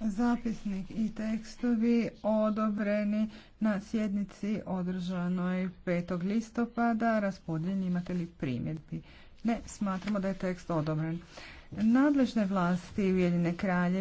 Zapisnik i tekstovi odobreni na sjednici održanoj 5. listopada. Raspodljeni imate li primjedbi? Ne, smatramo da je tekst odobren. Nadležne vlasti Ujedine kralje